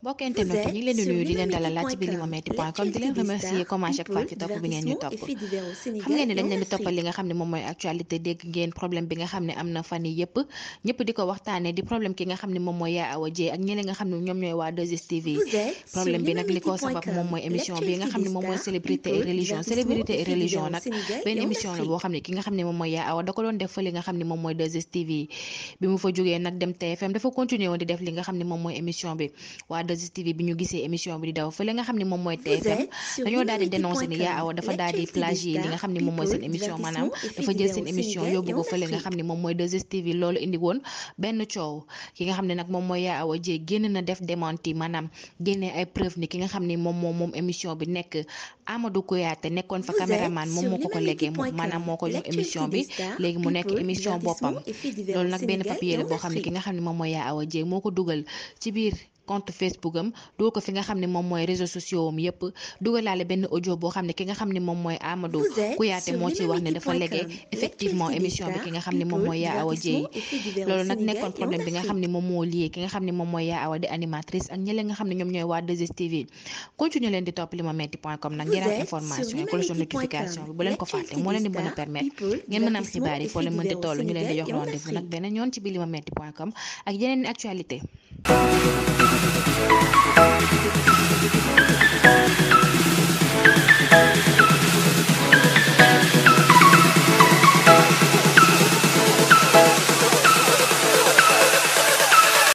mbokk internet ñu ngi leen di nuyu di leen dalal laaj ci biir limametti point com di leen remercier comme à chaque fois ci topp bi li nga xam ne moom mooy actualité dégg ngeen problème bi nga xam ne am na fan yi yëpp ñëpp di ko waxtaane di problème ki nga xam ne moom mooy Yaa ne ñoom ñooy waa 2 mooy émission bi nga xam ne moom mooy célébrité et religion célébrité et xam ne ki nga xam ne moom mooy Yaa Awa da ko doon def fa li nga xam ne moom mooy 2STV bi mu fa jógee nag dem TFM dafa continuer woon di def li nga xam ne moom mooy émission bi 2STV bi ñu gisee émission bi di daw fële nga xam ne moom mooy TFM dañoo daal di dénoncé ni Yaa Awa dafa daal di plagier li nga xam ne moom mooy seen émission loolu indi benn coow ki nga xam ne nag moom mooy Yaa Awa Dieye génn na def démenti maanaam génnee ay preuve ni ki nga xam ne moom moom moom bi nekk Amadou Kouyaté nekkoon fa caméraman moom moo ko ko légué moom maanaam moo ko jox émission bi léegi mu nekk émission boppam loolu nag benn papier la boo xam compte Facebook am dugal ko fi nga xam ne moom mooy réseaux sociaux am yëpp dugalaale benn audio boo xam ne ki nga xam ne moom mooy Amadou Kouyaté moo ci wax ne dafa légué effectivement émission bi nga xam ne moom mooy Yaa Awa Dieye loolu nag nekkoon problème bi nga xam ne moom moo lié ki nga xam ne moom mooy Yaa Awa di animatrice ak ñële nga xam ne ñoom ñooy waa 2STV continue leen di topp limametti point com nag ngeen information bi bu leen ko fàtte moo leen di mën a permettre ngeen mën a am xibaar yi foo leen mënti toll ñu leen Thank you.